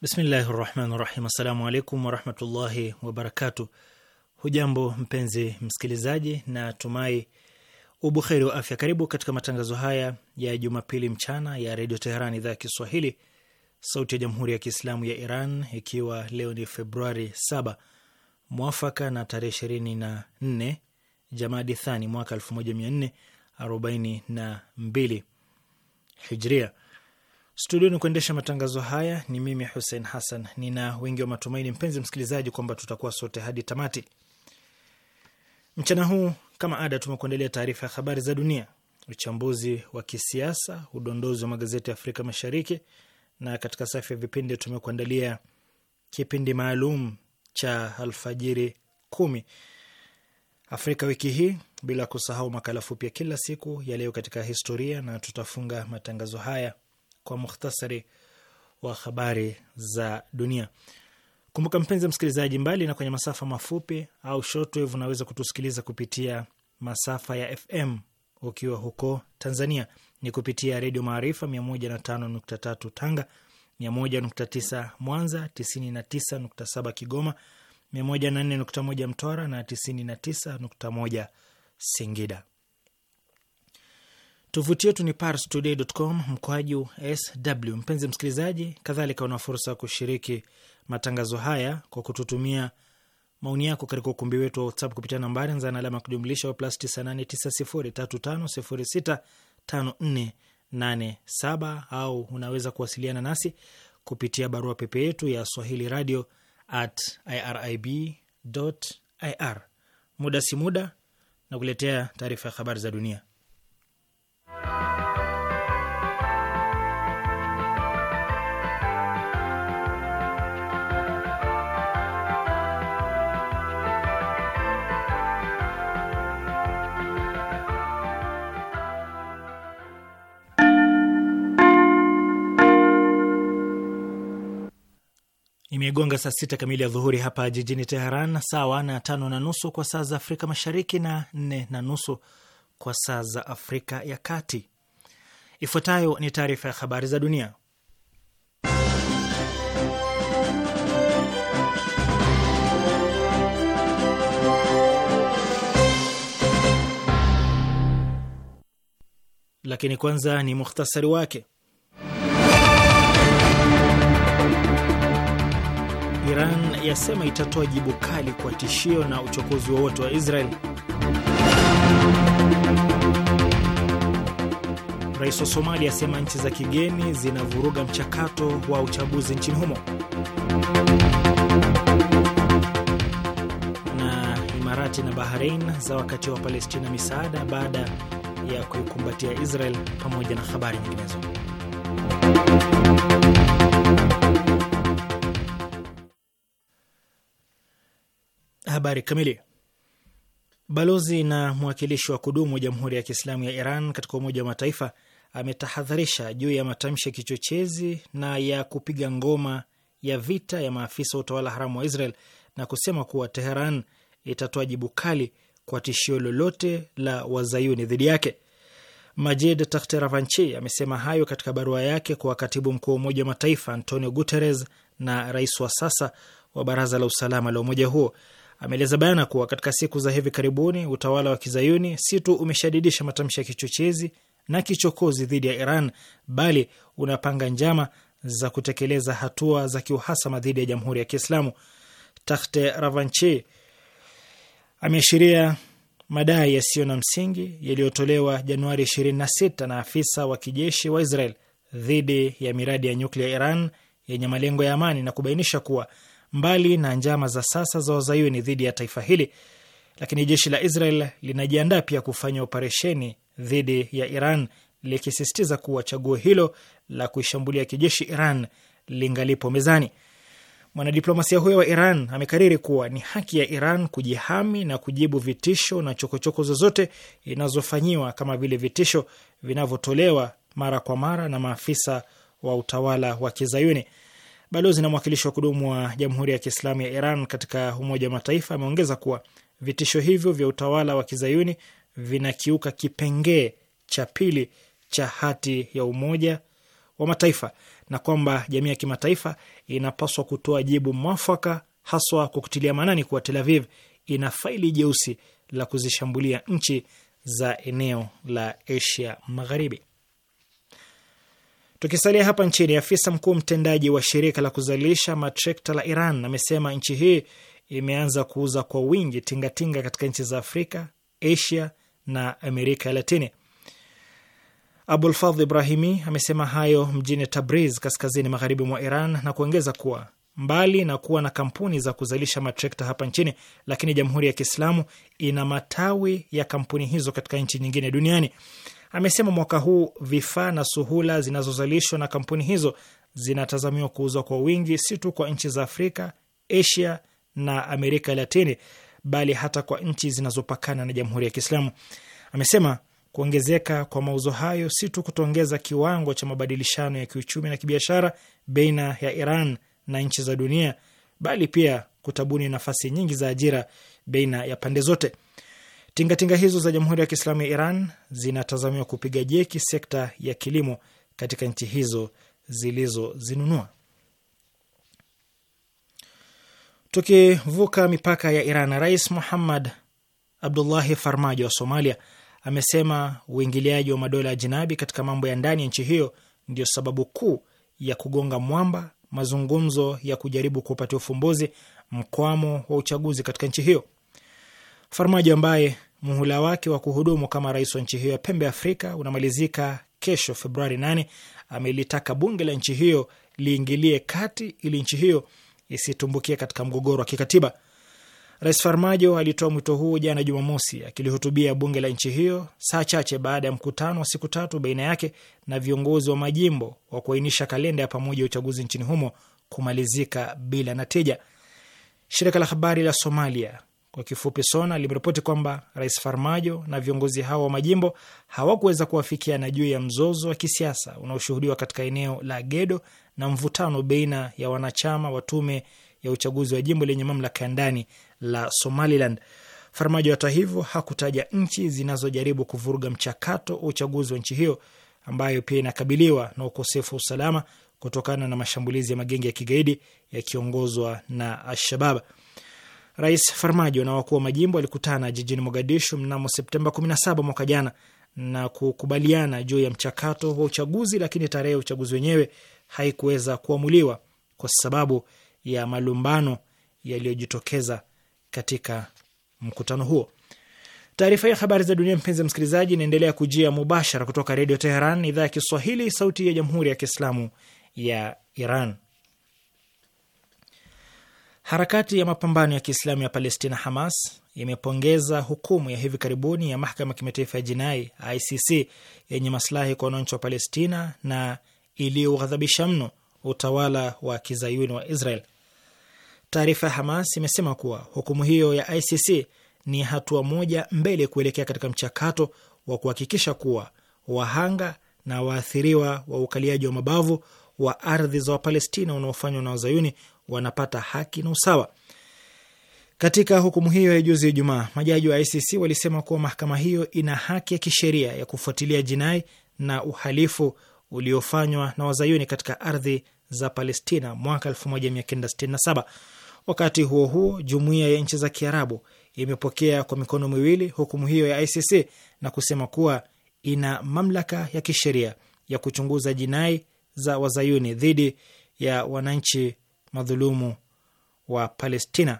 Bismillahi rahmani rahim. Assalamu alaikum warahmatullahi wabarakatu. Hujambo mpenzi msikilizaji, na tumai ubuheri wa afya. Karibu katika matangazo haya ya Jumapili mchana ya Redio Teheran, idhaa ya Kiswahili, sauti ya Jamhuri ya Kiislamu ya Iran, ikiwa leo ni Februari 7 mwafaka na tarehe ishirini na nne Jamadi Thani mwaka 1442 Hijria. Studioni kuendesha matangazo haya ni mimi Hussein Hassan. Nina wingi wa matumaini, mpenzi msikilizaji, kwamba tutakuwa sote hadi tamati. Mchana huu kama ada, tumekuandalia taarifa ya habari za dunia, uchambuzi wa kisiasa, udondozi wa magazeti ya Afrika Mashariki, na katika safu ya vipindi tumekuandalia kipindi maalum cha alfajiri kumi Afrika wiki hii, bila kusahau makala fupi ya kila siku ya leo katika historia, na tutafunga matangazo haya kwa mukhtasari wa habari za dunia. Kumbuka mpenzi msikilizaji, mbali na kwenye masafa mafupi au shortwave, unaweza kutusikiliza kupitia masafa ya FM ukiwa huko Tanzania ni kupitia Redio Maarifa 105.3 Tanga, 101.9 Mwanza, 99.7 Kigoma, 104.1 Mtwara na 99.1 Singida. Tovuti yetu ni parstoday.com mkoaju sw. Mpenzi msikilizaji, kadhalika una fursa ya kushiriki matangazo haya kwa kututumia maoni yako katika ukumbi wetu wa WhatsApp kupitia nambari anza na alama kujumlisha plus 989035065487 au unaweza kuwasiliana nasi kupitia barua pepe yetu ya swahili radio at irib ir. Muda si muda na kuletea taarifa ya habari za dunia. Imegonga saa sita kamili ya dhuhuri hapa jijini Teheran, sawa na tano na nusu kwa saa za Afrika Mashariki na nne na nusu kwa saa za Afrika ya Kati. Ifuatayo ni taarifa ya habari za dunia, lakini kwanza ni muhtasari wake. Iran yasema itatoa jibu kali kwa tishio na uchokozi wowote wa Israel. Rais wa Somalia asema nchi za kigeni zinavuruga mchakato wa uchaguzi nchini humo. Na Imarati na Bahrain za wakati wa Palestina misaada baada ya kuikumbatia Israel, pamoja na habari nyinginezo. Habari kamili. Balozi na mwakilishi wa kudumu wa Jamhuri ya Kiislamu ya Iran katika Umoja wa Mataifa ametahadharisha juu ya matamshi ya kichochezi na ya kupiga ngoma ya vita ya maafisa wa utawala haramu wa Israel na kusema kuwa Teheran itatoa jibu kali kwa tishio lolote la wazayuni dhidi yake. Majid Tahteravanchi amesema hayo katika barua yake kwa katibu mkuu wa Umoja wa Mataifa Antonio Guterres na rais wa sasa wa Baraza la Usalama la umoja huo. Ameeleza bayana kuwa katika siku za hivi karibuni utawala wa kizayuni si tu umeshadidisha matamshi ya kichochezi na kichokozi dhidi ya Iran, bali unapanga njama za kutekeleza hatua za kiuhasama dhidi ya Jamhuri ya Kiislamu. Tahte Ravanchi ameashiria madai yasiyo na msingi yaliyotolewa Januari 26 na afisa wa kijeshi wa Israel dhidi ya miradi ya nyuklia Iran yenye malengo ya amani na kubainisha kuwa mbali na njama za sasa za wazayuni dhidi ya taifa hili, lakini jeshi la Israel linajiandaa pia kufanya operesheni dhidi ya Iran likisisitiza kuwa chaguo hilo la kuishambulia kijeshi Iran lingalipo mezani. Mwanadiplomasia huyo wa Iran amekariri kuwa ni haki ya Iran kujihami na kujibu vitisho na chokochoko zozote inazofanyiwa kama vile vitisho vinavyotolewa mara kwa mara na maafisa wa utawala wa Kizayuni. Balozi na mwakilishi wa kudumu wa Jamhuri ya Kiislamu ya Iran katika Umoja wa Mataifa ameongeza kuwa vitisho hivyo vya utawala wa Kizayuni vinakiuka kipengee cha pili cha hati ya Umoja wa Mataifa na kwamba jamii ya kimataifa inapaswa kutoa jibu mwafaka, haswa kwa kutilia maanani kuwa Tel Aviv ina faili jeusi la kuzishambulia nchi za eneo la Asia Magharibi. Tukisalia hapa nchini, afisa mkuu mtendaji wa shirika la kuzalisha matrekta la Iran amesema nchi hii imeanza kuuza kwa wingi tingatinga katika nchi za Afrika, Asia na Amerika ya Latini. abulfadhl Ibrahimi amesema hayo mjini Tabriz, kaskazini magharibi mwa Iran, na kuongeza kuwa mbali na kuwa na kampuni za kuzalisha matrekta hapa nchini, lakini Jamhuri ya Kiislamu ina matawi ya kampuni hizo katika nchi nyingine duniani. Amesema mwaka huu vifaa na suhula zinazozalishwa na kampuni hizo zinatazamiwa kuuzwa kwa wingi, si tu kwa nchi za Afrika, Asia na Amerika ya Latini, bali hata kwa nchi zinazopakana na Jamhuri ya Kiislamu. Amesema kuongezeka kwa mauzo hayo si tu kutoongeza kiwango cha mabadilishano ya kiuchumi na kibiashara baina ya Iran na nchi za dunia, bali pia kutabuni nafasi nyingi za ajira baina ya pande zote. Tingatinga hizo za Jamhuri ya Kiislamu ya Iran zinatazamiwa kupiga jeki sekta ya kilimo katika nchi hizo zilizozinunua. Tukivuka mipaka ya Iran, Rais Muhammad Abdullahi Farmajo wa Somalia amesema uingiliaji wa madola ya jinabi katika mambo ya ndani ya nchi hiyo ndio sababu kuu ya kugonga mwamba mazungumzo ya kujaribu kuupatia ufumbuzi mkwamo wa uchaguzi katika nchi hiyo. Farmajo ambaye muhula wake wa kuhudumu kama rais wa nchi hiyo ya pembe Afrika unamalizika kesho Februari 8 amelitaka bunge la nchi hiyo liingilie kati ili nchi hiyo isitumbukie katika mgogoro wa kikatiba. Rais Farmajo alitoa mwito huu jana Jumamosi akilihutubia bunge la nchi hiyo saa chache baada ya mkutano wa siku tatu baina yake na viongozi wa majimbo wa kuainisha kalenda ya pamoja ya uchaguzi nchini humo kumalizika bila natija. Shirika la habari la Somalia kwa kifupi SONA limeripoti kwamba Rais Farmajo na viongozi hao wa majimbo hawakuweza kuwafikiana juu ya mzozo wa kisiasa unaoshuhudiwa katika eneo la Gedo na mvutano baina ya wanachama wa tume ya uchaguzi wa jimbo lenye mamlaka ya ndani la Somaliland. Farmajo hata hivyo hakutaja nchi zinazojaribu kuvuruga mchakato wa uchaguzi wa nchi hiyo ambayo pia inakabiliwa na ukosefu wa usalama kutokana na mashambulizi ya magenge ya kigaidi yakiongozwa na Alshabab. Rais Farmajo na wakuu wa majimbo walikutana jijini Mogadishu mnamo Septemba 17 mwaka jana na kukubaliana juu ya mchakato wa uchaguzi, lakini tarehe ya uchaguzi wenyewe haikuweza kuamuliwa kwa sababu ya malumbano yaliyojitokeza katika mkutano huo. Taarifa ya habari za dunia, mpenzi msikilizaji, inaendelea kujia mubashara kutoka Redio Teheran, idhaa ya Kiswahili, sauti ya Jamhuri ya Kiislamu ya Iran. Harakati ya mapambano ya Kiislamu ya Palestina, Hamas, imepongeza hukumu ya hivi karibuni ya mahakama kimataifa ya jinai ICC yenye maslahi kwa wananchi wa Palestina na iliyoghadhabisha mno utawala wa kizayuni wa Israel. Taarifa ya Hamas imesema kuwa hukumu hiyo ya ICC ni hatua moja mbele kuelekea katika mchakato wa kuhakikisha kuwa wahanga na waathiriwa wa ukaliaji wa mabavu wa ardhi za Wapalestina unaofanywa na wazayuni wanapata haki na usawa. Katika hukumu hiyo ya juzi Ijumaa, majaji wa ICC walisema kuwa mahakama hiyo ina haki ya kisheria ya kufuatilia jinai na uhalifu uliofanywa na wazayuni katika ardhi za Palestina mwaka 1967. Wakati huo huo, jumuiya ya nchi za Kiarabu imepokea kwa mikono miwili hukumu hiyo ya ICC na kusema kuwa ina mamlaka ya kisheria ya kuchunguza jinai za wazayuni dhidi ya wananchi madhulumu wa Palestina.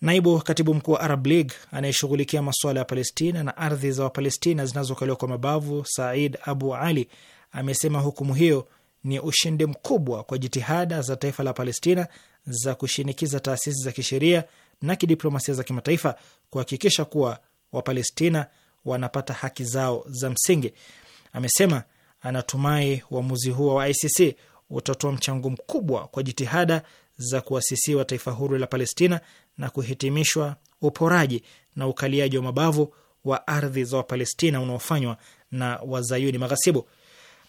Naibu katibu mkuu wa Arab League anayeshughulikia masuala ya Palestina na ardhi za Wapalestina zinazokaliwa kwa mabavu, Said Abu Ali, amesema hukumu hiyo ni ushindi mkubwa kwa jitihada za taifa la Palestina za kushinikiza taasisi za kisheria na kidiplomasia za kimataifa kuhakikisha kuwa Wapalestina wanapata haki zao za msingi. Amesema anatumai uamuzi huo wa ICC utatoa mchango mkubwa kwa jitihada za kuasisiwa taifa huru la Palestina na kuhitimishwa uporaji na ukaliaji wa mabavu wa ardhi za Wapalestina unaofanywa na wazayuni maghasibu.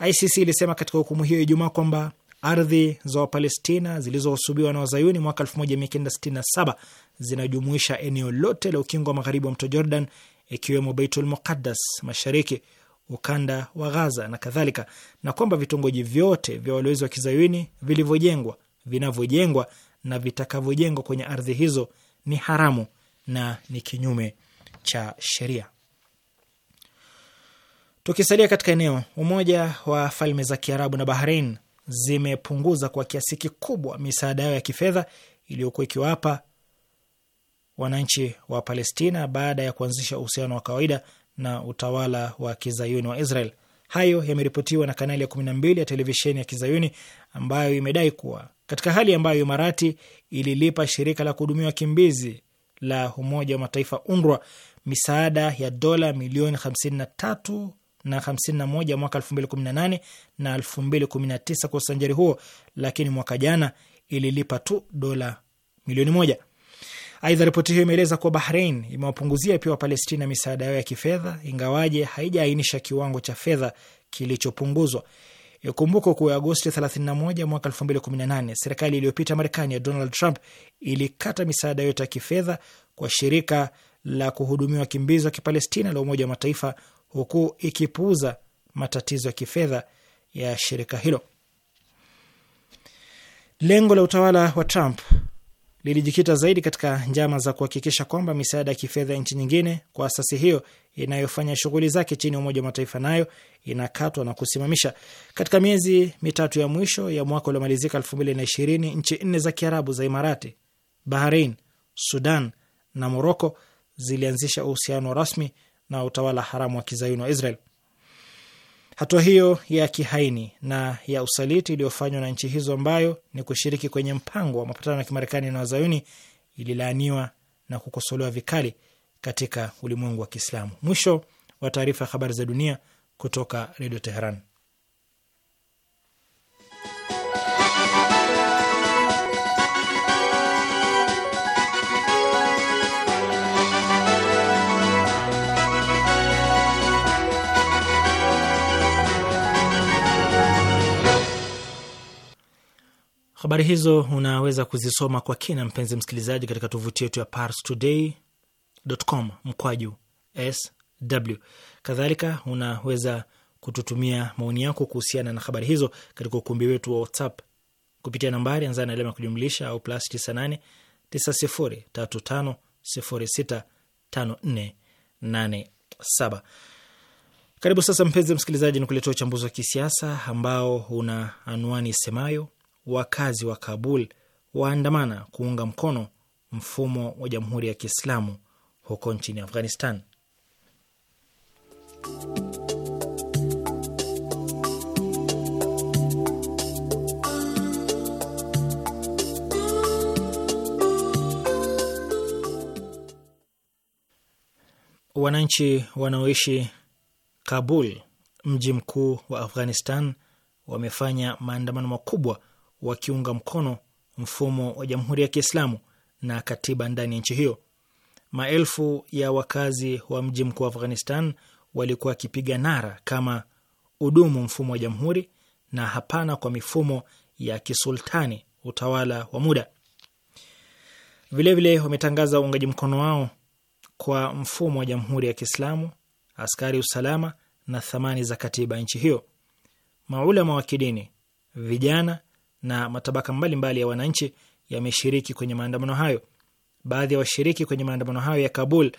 ICC ilisema katika hukumu hiyo Ijumaa kwamba ardhi za Wapalestina zilizohusubiwa na wazayuni mwaka 1967 zinajumuisha eneo lote la ukingo wa magharibi wa mto Jordan, ikiwemo Beitul Muqaddas mashariki, ukanda wa Ghaza na kadhalika, na kwamba vitongoji vyote vya walowezi wa kizayuni vilivyojengwa, vinavyojengwa na vitakavyojengwa kwenye ardhi hizo ni haramu na ni kinyume cha sheria. Tukisalia katika eneo, Umoja wa Falme za Kiarabu na Bahrain zimepunguza kwa kiasi kikubwa misaada yao ya kifedha iliyokuwa ikiwapa wananchi wa Palestina baada ya kuanzisha uhusiano wa kawaida na utawala wa kizayuni wa Israel. Hayo yameripotiwa na kanali ya 12 ya televisheni ya kizayuni ambayo imedai kuwa katika hali ambayo Imarati ililipa shirika la kuhudumia wakimbizi la Umoja wa Mataifa UNRWA misaada ya dola milioni 53 na 51 mwaka 2018 na 2019 kwa usanjari huo, lakini mwaka jana ililipa tu dola milioni moja. Aidha, ripoti hiyo imeeleza kuwa Bahrain imewapunguzia pia Wapalestina misaada yao ya kifedha, ingawaje haijaainisha kiwango cha fedha kilichopunguzwa. Ikumbukwe kuwa Agosti 31 mwaka 2018 serikali iliyopita Marekani ya Donald Trump ilikata misaada yote ya kifedha kwa shirika la kuhudumia wakimbizi wa Kipalestina la Umoja wa Mataifa, huku ikipuuza matatizo ya kifedha ya shirika hilo. Lengo la utawala wa Trump lilijikita zaidi katika njama za kuhakikisha kwamba misaada ya kifedha ya nchi nyingine kwa asasi hiyo inayofanya shughuli zake chini ya Umoja wa Mataifa nayo inakatwa na kusimamisha. Katika miezi mitatu ya mwisho ya mwaka uliomalizika elfu mbili na ishirini, nchi nne za Kiarabu za Imarati, Bahrain, Sudan na Moroko zilianzisha uhusiano rasmi na utawala haramu wa kizayuni wa Israel. Hatua hiyo ya kihaini na ya usaliti iliyofanywa na nchi hizo ambayo ni kushiriki kwenye mpango wa mapatano ya Kimarekani na Wazayuni ililaaniwa na kukosolewa vikali katika ulimwengu wa Kiislamu. Mwisho wa taarifa ya habari za dunia kutoka Redio Teheran. Habari hizo unaweza kuzisoma kwa kina, mpenzi msikilizaji, katika tovuti yetu ya parstoday.com mkwaju sw. Kadhalika unaweza kututumia maoni yako kuhusiana na habari hizo katika ukumbi wetu wa WhatsApp kupitia nambari anza na alama kujumlisha au plus 98 Karibu sasa, mpenzi msikilizaji, ni kuletea uchambuzi wa kisiasa ambao una anwani semayo wakazi wa Kabul waandamana kuunga mkono mfumo wa Jamhuri ya Kiislamu huko nchini Afghanistan. Wananchi wanaoishi Kabul, mji mkuu wa Afghanistan, wamefanya maandamano makubwa wakiunga mkono mfumo wa Jamhuri ya Kiislamu na katiba ndani ya nchi hiyo. Maelfu ya wakazi wa mji mkuu wa Afghanistan walikuwa wakipiga nara kama udumu mfumo wa jamhuri na hapana kwa mifumo ya kisultani, utawala wa muda. Vilevile wametangaza uungaji mkono wao kwa mfumo wa jamhuri ya Kiislamu, askari usalama na thamani za katiba nchi hiyo. Maulama wa kidini, vijana na matabaka mbalimbali mbali ya wananchi yameshiriki kwenye maandamano hayo. Baadhi ya wa washiriki kwenye maandamano hayo ya Kabul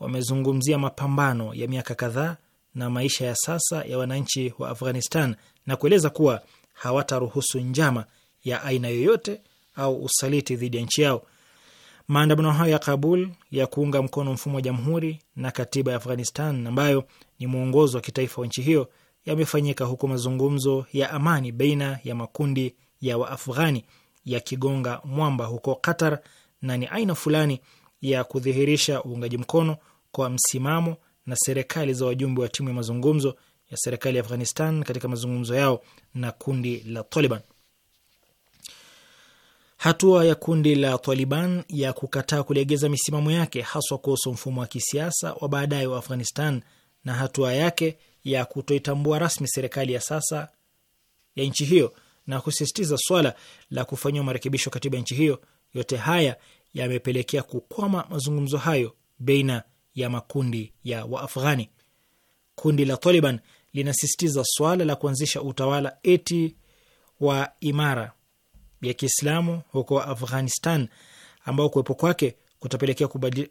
wamezungumzia mapambano ya miaka kadhaa na maisha ya sasa ya wananchi wa Afghanistan na kueleza kuwa hawataruhusu njama ya aina yoyote au usaliti dhidi ya nchi yao. Maandamano hayo ya Kabul ya kuunga mkono mfumo wa jamhuri na katiba ya Afghanistan ambayo ni mwongozo wa kitaifa wa nchi hiyo yamefanyika huku mazungumzo ya amani baina ya makundi ya Waafghani yakigonga mwamba huko Qatar na ni aina fulani ya kudhihirisha uungaji mkono kwa msimamo na serikali za wajumbe wa timu ya mazungumzo ya serikali ya Afghanistan katika mazungumzo yao na kundi la Taliban. Hatua ya kundi la Taliban ya kukataa kulegeza misimamo yake haswa kuhusu mfumo wa kisiasa wa baadaye wa Afghanistan na hatua yake ya kutoitambua rasmi serikali ya sasa ya nchi hiyo na kusisitiza swala la kufanyiwa marekebisho katiba nchi hiyo. Yote haya yamepelekea kukwama mazungumzo hayo baina ya makundi ya Waafghani. Kundi la Taliban linasisitiza swala la kuanzisha utawala eti wa imara ya Kiislamu huko Afghanistan, ambao kuwepo kwake kutapelekea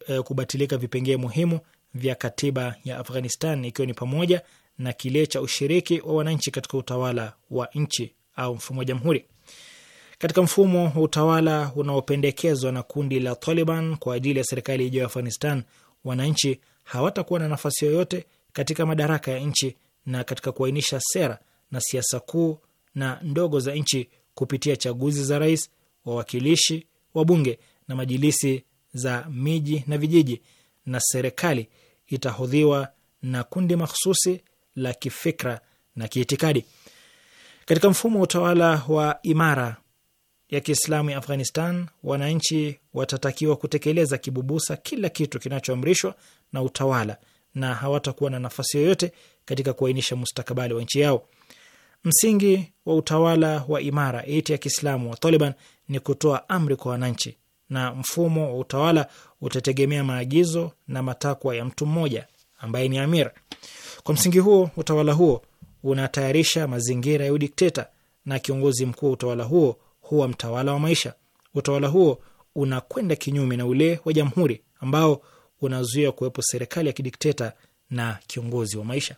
eh, kubatilika vipengee muhimu vya katiba ya Afghanistan, ikiwa ni pamoja na kile cha ushiriki wa wananchi katika utawala wa nchi au mfumo wa jamhuri. Katika mfumo wa utawala unaopendekezwa na kundi la Taliban kwa ajili ya serikali ijayo ya Afghanistan, wananchi hawatakuwa na nafasi yoyote katika madaraka ya nchi na katika kuainisha sera na siasa kuu na ndogo za nchi kupitia chaguzi za rais, wawakilishi, wabunge na majilisi za miji na vijiji, na serikali itahodhiwa na kundi mahsusi la kifikra na kiitikadi. Katika mfumo wa utawala wa imara ya Kiislamu ya Afghanistan, wananchi watatakiwa kutekeleza kibubusa kila kitu kinachoamrishwa na utawala na hawatakuwa na nafasi yoyote katika kuainisha mustakabali wa nchi yao. Msingi wa utawala wa imara eti ya Kiislamu wa Taliban ni kutoa amri kwa wananchi, na mfumo wa utawala utategemea maagizo na matakwa ya mtu mmoja ambaye ni amir. Kwa msingi huo, utawala huo unatayarisha mazingira ya udikteta na kiongozi mkuu wa utawala huo huwa mtawala wa maisha. Utawala huo unakwenda kinyume na ule wa jamhuri ambao unazuia kuwepo serikali ya kidikteta na kiongozi wa maisha.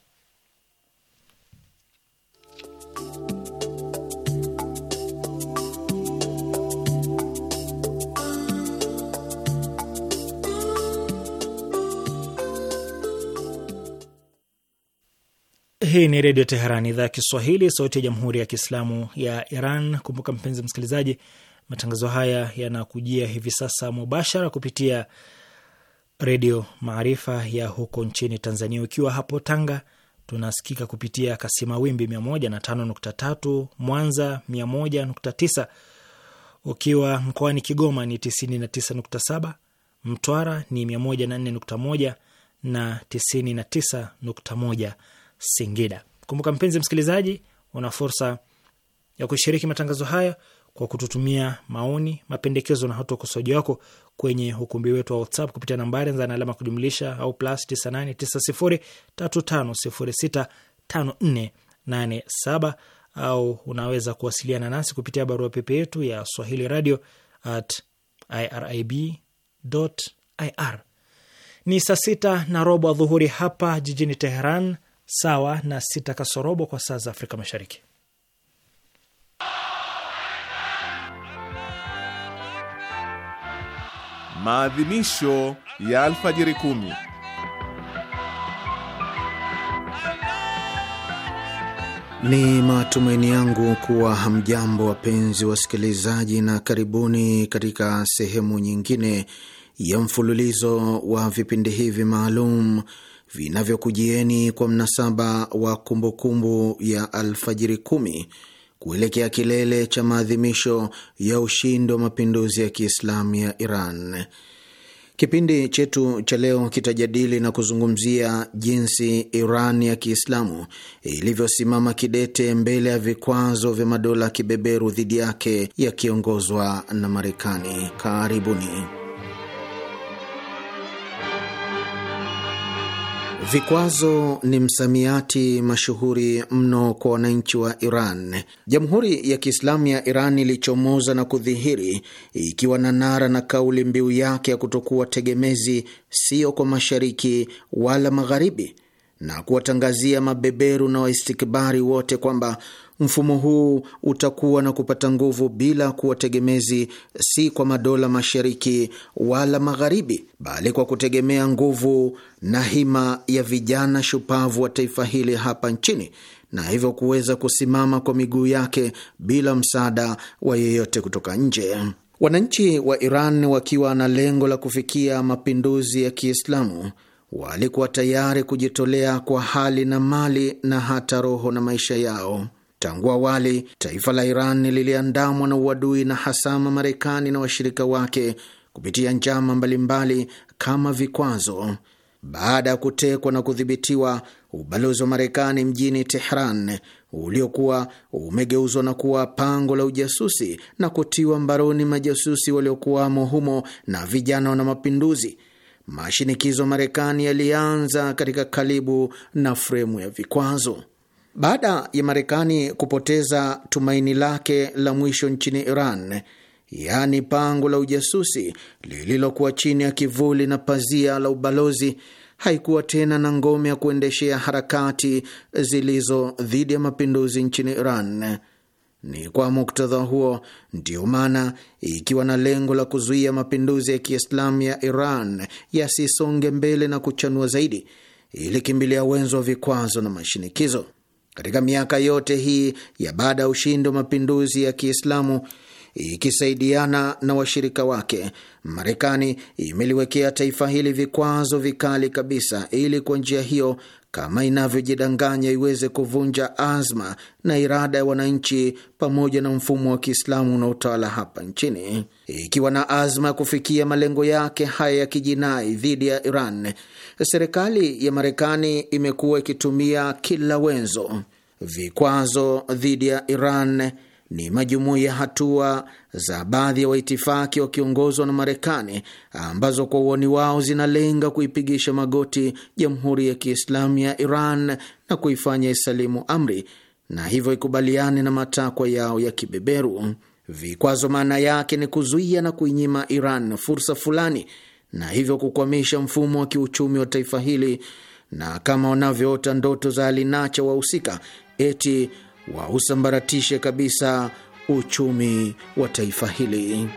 Hii ni Redio Teheran, idhaa ya Kiswahili, sauti ya Jamhuri ya Kiislamu ya Iran. Kumbuka mpenzi msikilizaji, matangazo haya yanakujia hivi sasa mubashara kupitia Redio Maarifa ya huko nchini Tanzania. Ukiwa hapo Tanga, tunasikika kupitia kasima wimbi mia Mwanza mia nukta tisa. Ukiwa mkoani Kigoma ni 99.7, tisa Mtwara ni mia moja na nne na tisini na tisa Singida. Kumbuka mpenzi msikilizaji, una fursa ya kushiriki matangazo haya kwa kututumia maoni, mapendekezo na hata ukosoaji wako kwenye ukumbi wetu wa WhatsApp kupitia nambari za alama kujumlisha au plus 989035065487 au unaweza kuwasiliana nasi kupitia barua pepe yetu ya Swahili radio at irib.ir. Ni saa sita na robo adhuhuri hapa jijini Teheran sawa na sita kasorobo kwa saa za Afrika Mashariki. Maadhimisho ya alfajiri kumi. Ni matumaini yangu kuwa hamjambo wapenzi wasikilizaji, na karibuni katika sehemu nyingine ya mfululizo wa vipindi hivi maalum vinavyokujieni kwa mnasaba wa kumbukumbu kumbu ya Alfajiri kumi kuelekea kilele cha maadhimisho ya ushindi wa mapinduzi ya Kiislamu ya Iran. Kipindi chetu cha leo kitajadili na kuzungumzia jinsi Iran ya Kiislamu ilivyosimama kidete mbele ya vikwazo vya madola kibeberu dhidi yake yakiongozwa na Marekani. Karibuni. Vikwazo ni msamiati mashuhuri mno kwa wananchi wa Iran. Jamhuri ya Kiislamu ya Iran ilichomoza na kudhihiri ikiwa na nara na kauli mbiu yake ya kutokuwa tegemezi, sio kwa mashariki wala magharibi, na kuwatangazia mabeberu na waistikbari wote kwamba Mfumo huu utakuwa na kupata nguvu bila kuwa tegemezi, si kwa madola mashariki wala magharibi, bali kwa kutegemea nguvu na hima ya vijana shupavu wa taifa hili hapa nchini, na hivyo kuweza kusimama kwa miguu yake bila msaada wa yeyote kutoka nje. Wananchi wa Iran wakiwa na lengo la kufikia mapinduzi ya Kiislamu walikuwa tayari kujitolea kwa hali na mali na hata roho na maisha yao. Tangu awali taifa la Iran liliandamwa na uadui na hasama Marekani na washirika wake kupitia njama mbalimbali kama vikwazo. Baada ya kutekwa na kudhibitiwa ubalozi wa Marekani mjini Tehran uliokuwa umegeuzwa na kuwa pango la ujasusi na kutiwa mbaroni majasusi waliokuwamo humo na vijana wana mapinduzi, mashinikizo Marekani yalianza katika kalibu na fremu ya vikwazo. Baada ya Marekani kupoteza tumaini lake la mwisho nchini Iran, yaani pango la ujasusi lililokuwa chini ya kivuli na pazia la ubalozi, haikuwa tena na ngome ya kuendeshea harakati zilizo dhidi ya mapinduzi nchini Iran. Ni kwa muktadha huo ndio maana, ikiwa na lengo la kuzuia mapinduzi ya Kiislamu ya Iran yasisonge mbele na kuchanua zaidi, ilikimbilia wenzo wa vikwazo na mashinikizo katika miaka yote hii ya baada ya ushindi wa mapinduzi ya Kiislamu, ikisaidiana na washirika wake, Marekani imeliwekea taifa hili vikwazo vikali kabisa, ili kwa njia hiyo kama inavyojidanganya iweze kuvunja azma na irada ya wananchi pamoja na mfumo wa Kiislamu unaotawala hapa nchini. Ikiwa na azma ya kufikia malengo yake haya ya kijinai dhidi ya Iran, serikali ya Marekani imekuwa ikitumia kila wenzo, vikwazo dhidi ya Iran ni majumuiya hatua za baadhi ya waitifaki wakiongozwa na Marekani ambazo kwa uoni wao zinalenga kuipigisha magoti Jamhuri ya Kiislamu ya Iran na kuifanya isalimu amri na hivyo ikubaliane na matakwa yao ya kibeberu. Vikwazo maana yake ni kuzuia na kuinyima Iran fursa fulani na hivyo kukwamisha mfumo wa kiuchumi wa taifa hili, na kama wanavyoota ndoto za alinacha wahusika eti wausambaratishe kabisa uchumi wa taifa hili.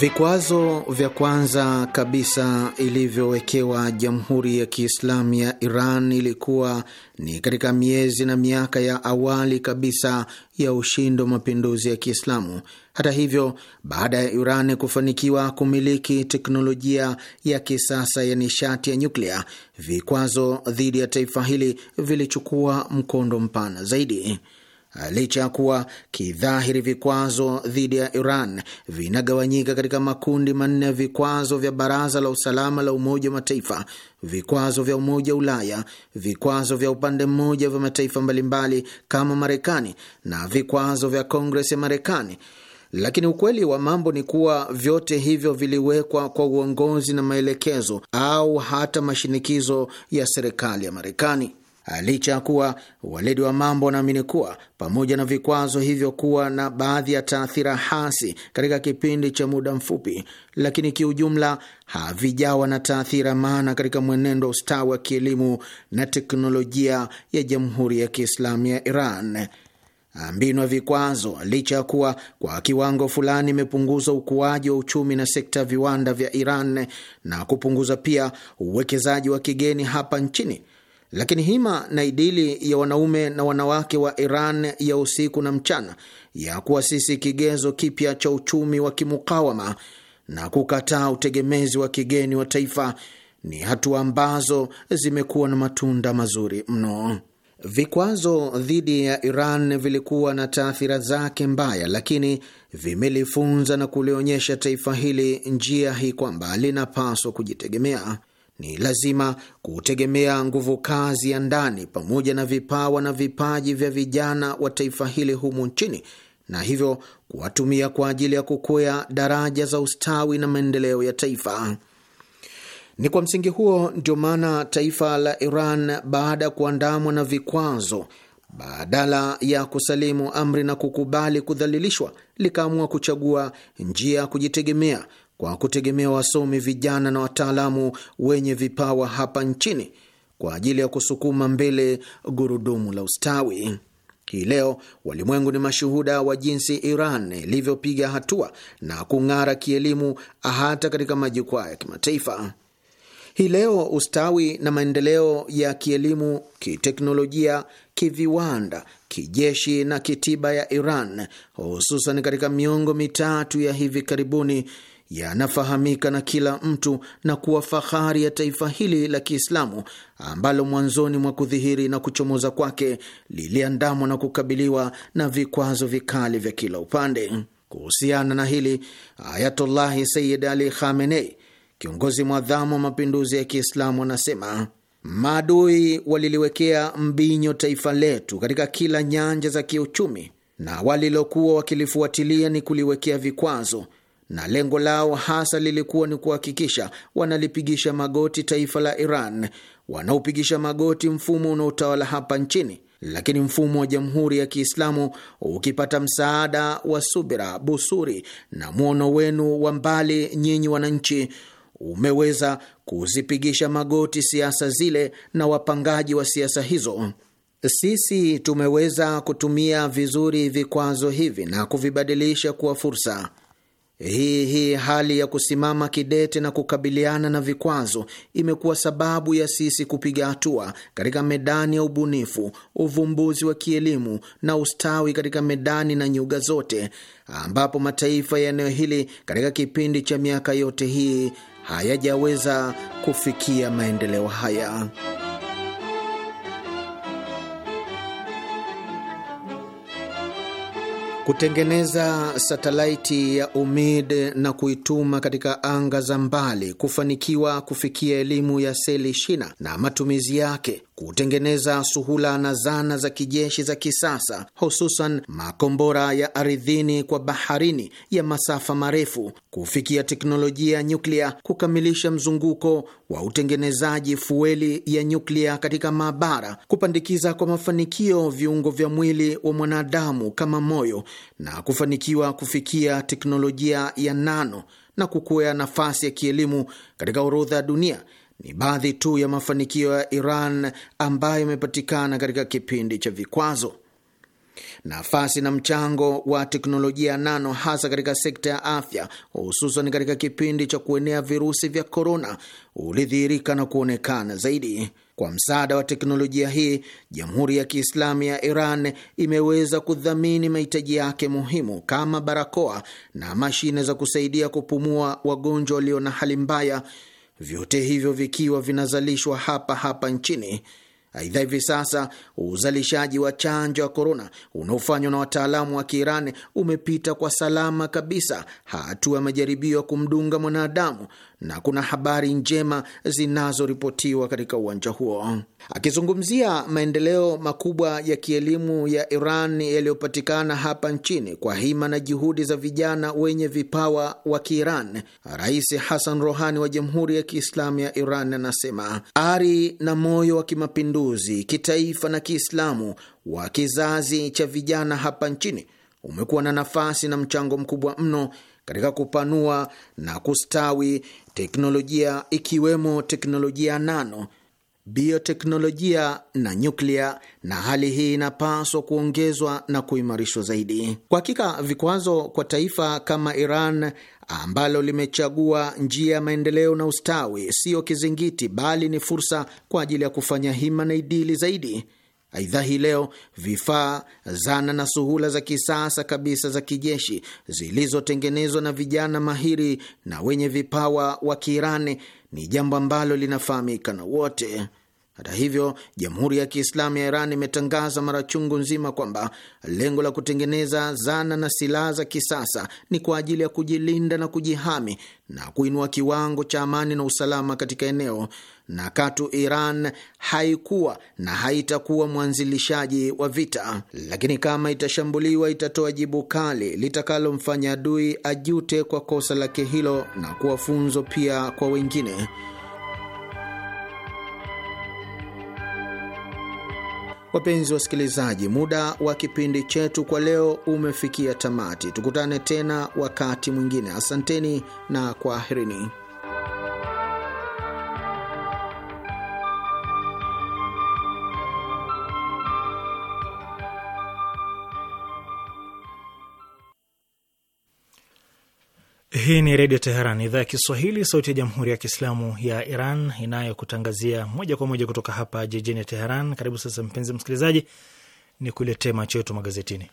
Vikwazo vya kwanza kabisa ilivyowekewa Jamhuri ya Kiislamu ya Iran ilikuwa ni katika miezi na miaka ya awali kabisa ya ushindi wa mapinduzi ya Kiislamu. Hata hivyo, baada ya Iran kufanikiwa kumiliki teknolojia ya kisasa ya nishati ya nyuklia, vikwazo dhidi ya taifa hili vilichukua mkondo mpana zaidi licha ya kuwa kidhahiri vikwazo dhidi ya Iran vinagawanyika katika makundi manne ya vikwazo vya Baraza la Usalama la Umoja wa Mataifa, vikwazo vya Umoja wa Ulaya, vikwazo vya upande mmoja vya mataifa mbalimbali kama Marekani na vikwazo vya Kongres ya Marekani. Lakini ukweli wa mambo ni kuwa vyote hivyo viliwekwa kwa uongozi na maelekezo au hata mashinikizo ya serikali ya Marekani. Ah, licha ya kuwa waledi wa mambo wanaamini kuwa pamoja na vikwazo hivyo kuwa na baadhi ya taathira hasi katika kipindi cha muda mfupi, lakini kiujumla havijawa na taathira maana katika mwenendo wa ustawi wa kielimu na teknolojia ya Jamhuri ya Kiislamu ya Iran. Ah, mbinu ya vikwazo, licha ya kuwa kwa kiwango fulani imepunguza ukuaji wa uchumi na sekta ya viwanda vya Iran na kupunguza pia uwekezaji wa kigeni hapa nchini lakini hima na idili ya wanaume na wanawake wa Iran ya usiku na mchana ya kuasisi kigezo kipya cha uchumi wa kimukawama na kukataa utegemezi wa kigeni wa taifa ni hatua ambazo zimekuwa na matunda mazuri mno. Vikwazo dhidi ya Iran vilikuwa na taathira zake mbaya, lakini vimelifunza na kulionyesha taifa hili njia hii kwamba linapaswa kujitegemea ni lazima kutegemea nguvu kazi ya ndani pamoja na vipawa na vipaji vya vijana wa taifa hili humu nchini na hivyo kuwatumia kwa ajili ya kukwea daraja za ustawi na maendeleo ya taifa. Ni kwa msingi huo ndio maana taifa la Iran baada ya kuandamwa na vikwazo, badala ya kusalimu amri na kukubali kudhalilishwa, likaamua kuchagua njia ya kujitegemea kwa kutegemea wasomi vijana na wataalamu wenye vipawa hapa nchini kwa ajili ya kusukuma mbele gurudumu la ustawi. Hii leo walimwengu ni mashuhuda wa jinsi Iran ilivyopiga hatua na kung'ara kielimu hata katika majukwaa ya kimataifa. Hii leo ustawi na maendeleo ya kielimu, kiteknolojia, kiviwanda, kijeshi na kitiba ya Iran, hususan katika miongo mitatu ya hivi karibuni, yanafahamika na kila mtu na kuwa fahari ya taifa hili la Kiislamu ambalo mwanzoni mwa kudhihiri na kuchomoza kwake liliandamwa na kukabiliwa na vikwazo vikali vya kila upande. Kuhusiana na hili, Ayatullahi Sayyid Ali Khamenei, kiongozi mwadhamu wa mapinduzi ya Kiislamu, anasema maadui waliliwekea mbinyo taifa letu katika kila nyanja za kiuchumi, na walilokuwa wakilifuatilia ni kuliwekea vikwazo na lengo lao hasa lilikuwa ni kuhakikisha wanalipigisha magoti taifa la Iran, wanaopigisha magoti mfumo unaotawala hapa nchini. Lakini mfumo wa Jamhuri ya Kiislamu ukipata msaada wa subira, busuri na mwono wenu wa mbali, nyinyi wananchi, umeweza kuzipigisha magoti siasa zile na wapangaji wa siasa hizo. Sisi tumeweza kutumia vizuri vikwazo hivi na kuvibadilisha kuwa fursa. Hii hii hali ya kusimama kidete na kukabiliana na vikwazo imekuwa sababu ya sisi kupiga hatua katika medani ya ubunifu, uvumbuzi wa kielimu na ustawi katika medani na nyuga zote, ambapo mataifa ya eneo hili katika kipindi cha miaka yote hii hayajaweza kufikia maendeleo haya. Kutengeneza satelaiti ya Umid na kuituma katika anga za mbali, kufanikiwa kufikia elimu ya seli shina na matumizi yake, kutengeneza suhula na zana za kijeshi za kisasa, hususan makombora ya ardhini kwa baharini ya masafa marefu, kufikia teknolojia ya nyuklia, kukamilisha mzunguko wa utengenezaji fueli ya nyuklia katika maabara, kupandikiza kwa mafanikio viungo vya mwili wa mwanadamu kama moyo na kufanikiwa kufikia teknolojia ya nano na kukuea nafasi ya kielimu katika orodha ya dunia ni baadhi tu ya mafanikio ya Iran ambayo yamepatikana katika kipindi cha vikwazo. Nafasi na mchango wa teknolojia nano hasa katika sekta ya afya, hususan katika kipindi cha kuenea virusi vya korona, ulidhihirika na kuonekana zaidi. Kwa msaada wa teknolojia hii, Jamhuri ya Kiislamu ya Iran imeweza kudhamini mahitaji yake muhimu kama barakoa na mashine za kusaidia kupumua wagonjwa walio na hali mbaya vyote hivyo vikiwa vinazalishwa hapa hapa nchini. Aidha, hivi sasa uzalishaji wa chanjo ya korona unaofanywa na wataalamu wa Kiirani umepita kwa salama kabisa hatua ya majaribio ya kumdunga mwanadamu na kuna habari njema zinazoripotiwa katika uwanja huo. Akizungumzia maendeleo makubwa ya kielimu ya Iran yaliyopatikana hapa nchini kwa hima na juhudi za vijana wenye vipawa wa Kiiran, Rais Hassan Rohani wa Jamhuri ya Kiislamu ya Iran anasema ari na moyo wa kimapinduzi kitaifa na Kiislamu wa kizazi cha vijana hapa nchini umekuwa na nafasi na mchango mkubwa mno katika kupanua na kustawi teknolojia ikiwemo teknolojia nano, bioteknolojia na nyuklia, na hali hii inapaswa kuongezwa na kuimarishwa zaidi. Kwa hakika, vikwazo kwa taifa kama Iran ambalo limechagua njia ya maendeleo na ustawi siyo kizingiti, bali ni fursa kwa ajili ya kufanya hima na idili zaidi. Aidha, hii leo vifaa, zana na suhula za kisasa kabisa za kijeshi zilizotengenezwa na vijana mahiri na wenye vipawa wa Kiirani ni jambo ambalo linafahamika na wote. Hata hivyo, Jamhuri ya Kiislamu ya Iran imetangaza mara chungu nzima kwamba lengo la kutengeneza zana na silaha za kisasa ni kwa ajili ya kujilinda na kujihami na kuinua kiwango cha amani na usalama katika eneo, na katu Iran haikuwa na haitakuwa mwanzilishaji wa vita, lakini kama itashambuliwa, itatoa jibu kali litakalomfanya adui ajute kwa kosa lake hilo na kuwa funzo pia kwa wengine. Wapenzi wasikilizaji, muda wa kipindi chetu kwa leo umefikia tamati. Tukutane tena wakati mwingine. Asanteni na kwaherini. Hii ni Redio Teheran, idhaa ya Kiswahili, sauti ya Jamhuri ya Kiislamu ya Iran inayokutangazia moja kwa moja kutoka hapa jijini Teheran. Karibu sasa, mpenzi msikilizaji, ni kuletee macho yetu magazetini.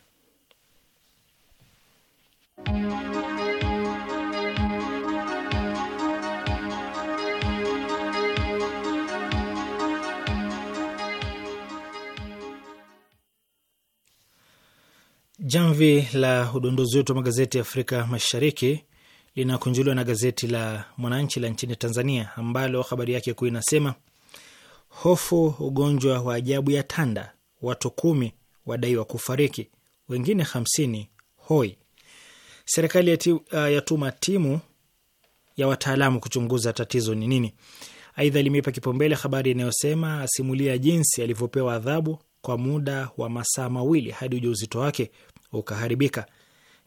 Jamvi la udondozi wetu wa magazeti ya Afrika Mashariki linakunjuliwa na gazeti la Mwananchi la nchini Tanzania, ambalo habari yake kuu inasema hofu ugonjwa wa ajabu ya tanda, watu kumi wadaiwa kufariki, wengine hamsini hoi. Serikali uh, yatuma timu ya wataalamu kuchunguza tatizo ni nini. Aidha, limeipa kipaumbele habari inayosema asimulia jinsi alivyopewa adhabu kwa muda wa masaa mawili hadi ujauzito wake ukaharibika.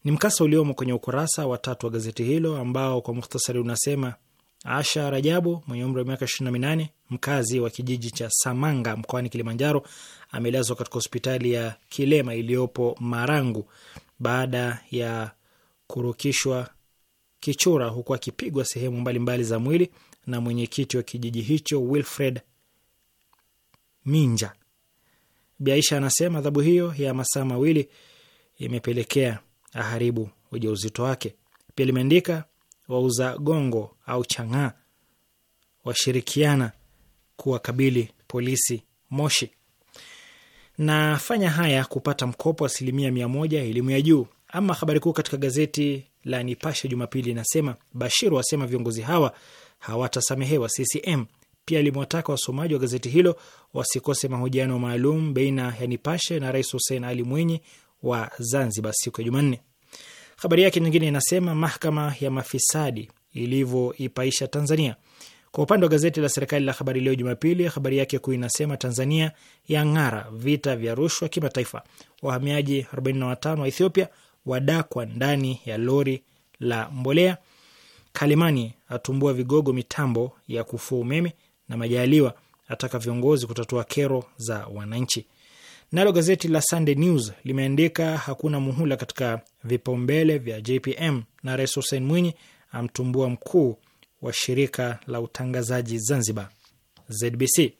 Ni mkasa uliomo kwenye ukurasa wa tatu wa gazeti hilo ambao kwa muhtasari unasema Asha Rajabu mwenye umri wa miaka 28 mkazi wa kijiji cha Samanga mkoani Kilimanjaro amelazwa katika hospitali ya Kilema iliyopo Marangu baada ya kurukishwa kichura huku akipigwa sehemu mbalimbali mbali za mwili na mwenyekiti wa kijiji hicho Wilfred Minja. Biaisha anasema adhabu hiyo ya masaa mawili imepelekea aharibu ujauzito wake. Pia limeandika wauza gongo au chang'aa washirikiana kuwakabili polisi Moshi Nafanya haya kupata mkopo asilimia mia moja elimu ya juu. Ama habari kuu katika gazeti la Nipashe Jumapili inasema Bashir wasema viongozi hawa hawatasamehewa CCM. Pia limewataka wasomaji wa gazeti hilo wasikose mahojiano maalum baina ya Nipashe na Rais Hussein Ali Mwinyi wa Zanzibar siku ya Jumanne. Habari yake nyingine inasema mahakama ya mafisadi ilivyoipaisha Tanzania. Kwa upande wa gazeti la serikali la Habari Leo Jumapili, habari yake kuu inasema Tanzania ya ng'ara vita vya rushwa kimataifa, wahamiaji 45 wa Ethiopia wadakwa ndani ya lori la mbolea, Kalimani atumbua vigogo mitambo ya kufua umeme, na Majaliwa ataka viongozi kutatua kero za wananchi. Nalo gazeti la Sunday News limeandika hakuna muhula katika vipaumbele vya JPM na Rais Hussein Mwinyi amtumbua mkuu wa shirika la utangazaji Zanzibar ZBC.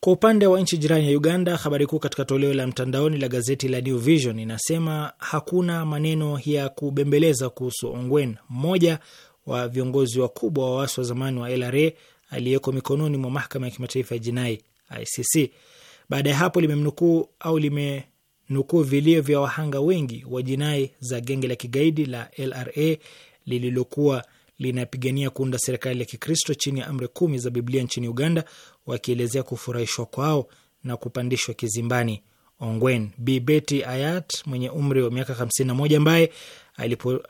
Kwa upande wa nchi jirani ya Uganda, habari kuu katika toleo la mtandaoni la gazeti la New Vision inasema hakuna maneno ya kubembeleza kuhusu Ongwen, mmoja wa viongozi wakubwa wa waasi wa zamani wa LRA aliyeko mikononi mwa mahakama ya kimataifa ya jinai ICC. Baada ya hapo limemnukuu au lime nukuu vilio vya wahanga wengi wa jinai za genge la kigaidi la LRA lililokuwa linapigania kuunda serikali ya Kikristo chini ya amri kumi za Biblia nchini Uganda, wakielezea kufurahishwa kwao na kupandishwa kizimbani Ongwen. Bi Betty Ayat mwenye umri wa miaka 51 ambaye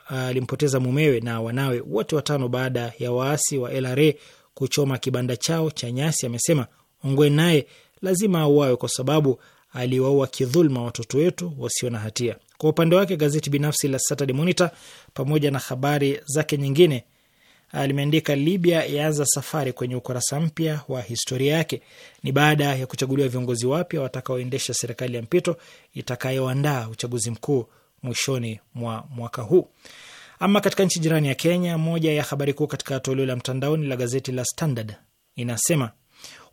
alimpoteza mumewe na wanawe wote watano baada ya waasi wa LRA kuchoma kibanda chao cha nyasi, amesema Ongwen naye lazima auawe kwa sababu aliwaua kidhulma watoto wetu wasio na hatia. Kwa upande wake gazeti binafsi la Saturday Monitor pamoja na habari zake nyingine ah, limeandika Libya yaanza safari kwenye ukurasa mpya wa historia yake. Ni baada ya kuchaguliwa viongozi wapya watakaoendesha serikali ya mpito itakayoandaa uchaguzi mkuu mwishoni mwa mwaka huu. Ama katika nchi jirani ya Kenya, moja ya habari kuu katika toleo la mtandaoni la gazeti la Standard inasema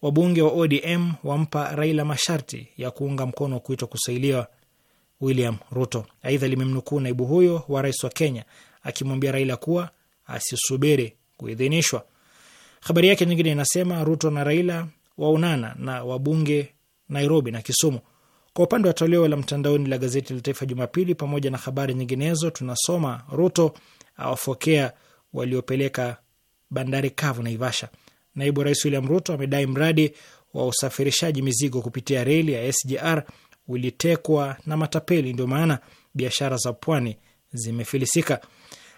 Wabunge wa ODM wampa Raila masharti ya kuunga mkono kuitwa kusailiwa William Ruto. Aidha, limemnukuu naibu huyo wa rais wa Kenya akimwambia Raila kuwa asisubiri kuidhinishwa. Habari yake nyingine inasema Ruto na Raila waonana na wabunge Nairobi na Kisumu. Kwa upande wa toleo la mtandaoni la gazeti la Taifa Jumapili, pamoja na habari nyinginezo, tunasoma Ruto awafokea waliopeleka bandari kavu Naivasha naibu rais William Ruto amedai mradi wa usafirishaji mizigo kupitia reli ya SGR ulitekwa na matapeli, ndio maana biashara za pwani zimefilisika.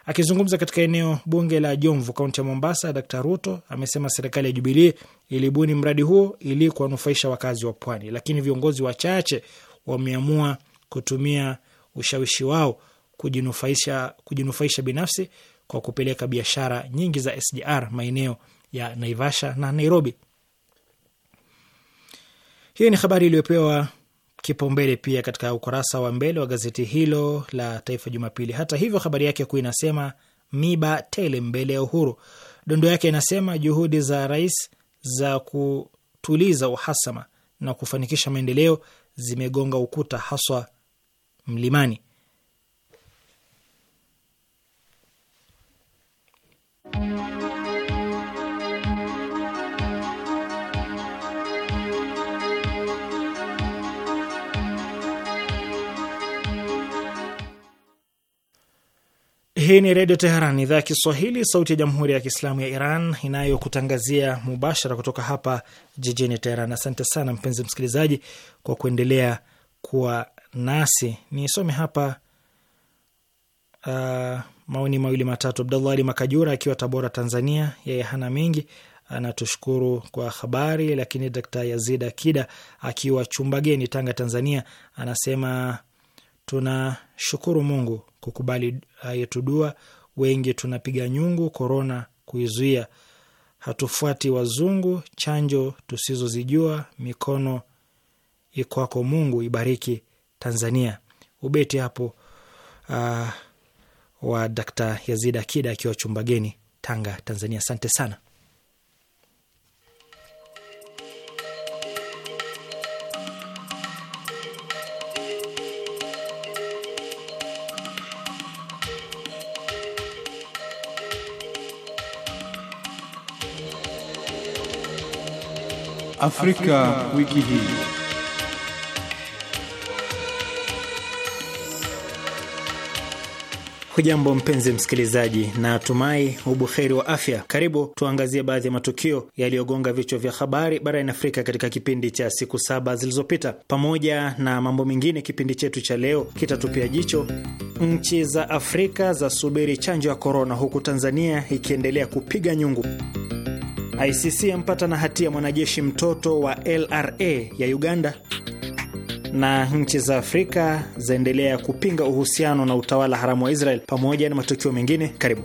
Akizungumza katika eneo bunge la Jomvu, kaunti ya Mombasa, Dkt Ruto amesema serikali ya Jubilii ilibuni mradi huo ili kuwanufaisha wakazi wa pwani, lakini viongozi wachache wameamua kutumia ushawishi wao kujinufaisha, kujinufaisha binafsi kwa kupeleka biashara nyingi za SGR maeneo ya Naivasha na Nairobi. Hiyo ni habari iliyopewa kipaumbele pia katika ukurasa wa mbele wa gazeti hilo la Taifa Jumapili. Hata hivyo, habari yake kuu inasema miba tele mbele ya Uhuru. Dondo yake inasema juhudi za rais za kutuliza uhasama na kufanikisha maendeleo zimegonga ukuta haswa mlimani. Hii ni Redio Teheran, idhaa ya Kiswahili, sauti ya Jamhuri ya Kiislamu ya Iran, inayokutangazia mubashara kutoka hapa jijini Teheran. Asante sana mpenzi msikilizaji kwa kuendelea kuwa nasi. Nisome hapa uh, maoni mawili matatu. Abdallah Ali Makajura akiwa Tabora, Tanzania, yeye hana mengi, anatushukuru kwa habari. Lakini Dkt Yazid Akida akiwa Chumbageni, Tanga, Tanzania, anasema Tunashukuru Mungu kukubali uh, yetu dua, wengi tunapiga nyungu, korona kuizuia, hatufuati wazungu, chanjo tusizozijua, mikono ikwako, Mungu ibariki Tanzania. Ubeti hapo uh, wa Dkt. Yazid Akida akiwa chumba geni Tanga, Tanzania. Asante sana. Afrika, wiki hii. Hujambo mpenzi msikilizaji, na tumai ubuheri wa afya. Karibu tuangazie baadhi ya matukio yaliyogonga vichwa vya habari barani Afrika katika kipindi cha siku saba zilizopita. Pamoja na mambo mengine, kipindi chetu cha leo kitatupia jicho nchi za Afrika za subiri chanjo ya korona, huku Tanzania ikiendelea kupiga nyungu. ICC yampata na hatia mwanajeshi mtoto wa LRA ya Uganda, na nchi za Afrika zaendelea kupinga uhusiano na utawala haramu wa Israel, pamoja na matukio mengine. Karibu.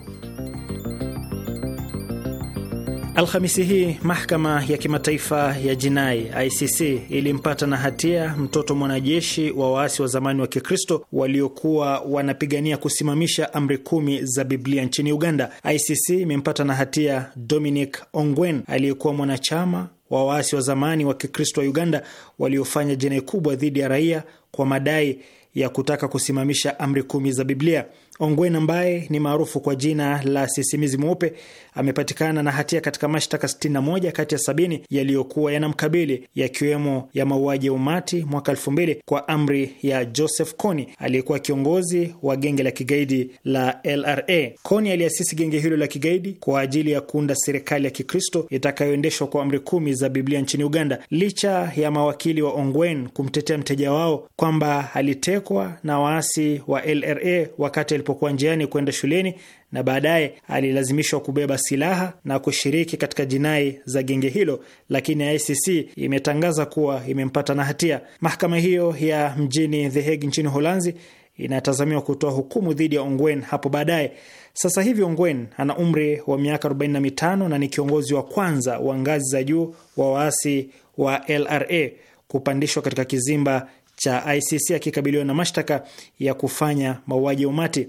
Alhamisi hii mahakama ya kimataifa ya jinai ICC ilimpata na hatia mtoto mwanajeshi wa waasi wa zamani wa Kikristo waliokuwa wanapigania kusimamisha amri kumi za Biblia nchini Uganda. ICC imempata na hatia Dominic Ongwen aliyekuwa mwanachama wa waasi wa zamani wa Kikristo wa Uganda waliofanya jinai kubwa dhidi ya raia kwa madai ya kutaka kusimamisha amri kumi za Biblia. Ongwen ambaye ni maarufu kwa jina la Sisimizi Mweupe amepatikana na hatia katika mashtaka 61 kati ya 70 yaliyokuwa yanamkabili, yakiwemo ya mauaji ya umati mwaka 2000 kwa amri ya Joseph Kony aliyekuwa kiongozi wa genge la kigaidi la LRA. Kony aliasisi genge hilo la kigaidi kwa ajili ya kuunda serikali ya Kikristo itakayoendeshwa kwa amri kumi za Biblia nchini Uganda. Licha ya mawakili wa Ongwen kumtetea mteja wao kwamba alitekwa na waasi wa LRA wakati alipokuwa njiani kwenda shuleni na baadaye alilazimishwa kubeba silaha na kushiriki katika jinai za genge hilo, lakini ICC imetangaza kuwa imempata na hatia. Mahakama hiyo ya mjini The Hague nchini Holanzi inatazamiwa kutoa hukumu dhidi ya Ongwen hapo baadaye. Sasa hivi Ongwen ana umri wa miaka 45 na ni kiongozi wa kwanza wa ngazi za juu wa waasi wa LRA kupandishwa katika kizimba cha ICC akikabiliwa na mashtaka ya kufanya mauaji ya umati.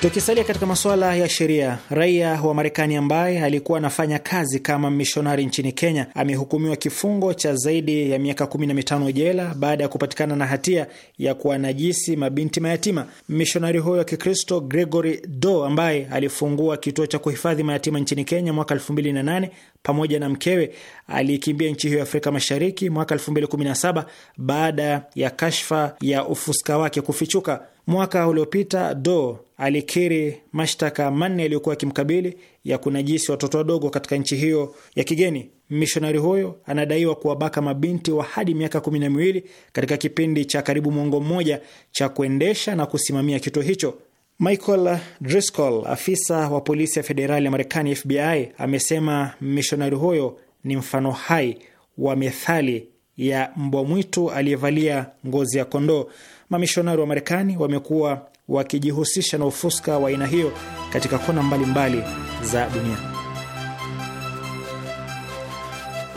Tukisalia katika masuala ya sheria, raia wa Marekani ambaye alikuwa anafanya kazi kama mishonari nchini Kenya amehukumiwa kifungo cha zaidi ya miaka 15 jela baada ya kupatikana na hatia ya kuwanajisi mabinti mayatima. Mishonari huyo wa Kikristo Gregory Do ambaye alifungua kituo cha kuhifadhi mayatima nchini Kenya mwaka 2008 pamoja na mkewe aliyekimbia nchi hiyo ya Afrika Mashariki mwaka 2017 baada ya kashfa ya ufuska wake kufichuka. Mwaka uliopita Do alikiri mashtaka manne yaliyokuwa yakimkabili ya kunajisi watoto wadogo katika nchi hiyo ya kigeni. Mishonari huyo anadaiwa kuwabaka mabinti wa hadi miaka kumi na miwili katika kipindi cha karibu mwongo mmoja cha kuendesha na kusimamia kituo hicho. Michael Driscoll, afisa wa polisi ya federali ya Marekani, FBI, amesema mishonari huyo ni mfano hai wa methali ya mbwa mwitu aliyevalia ngozi ya kondoo mamishonari wa Marekani wamekuwa wakijihusisha na ufuska wa aina hiyo katika kona mbalimbali mbali za dunia.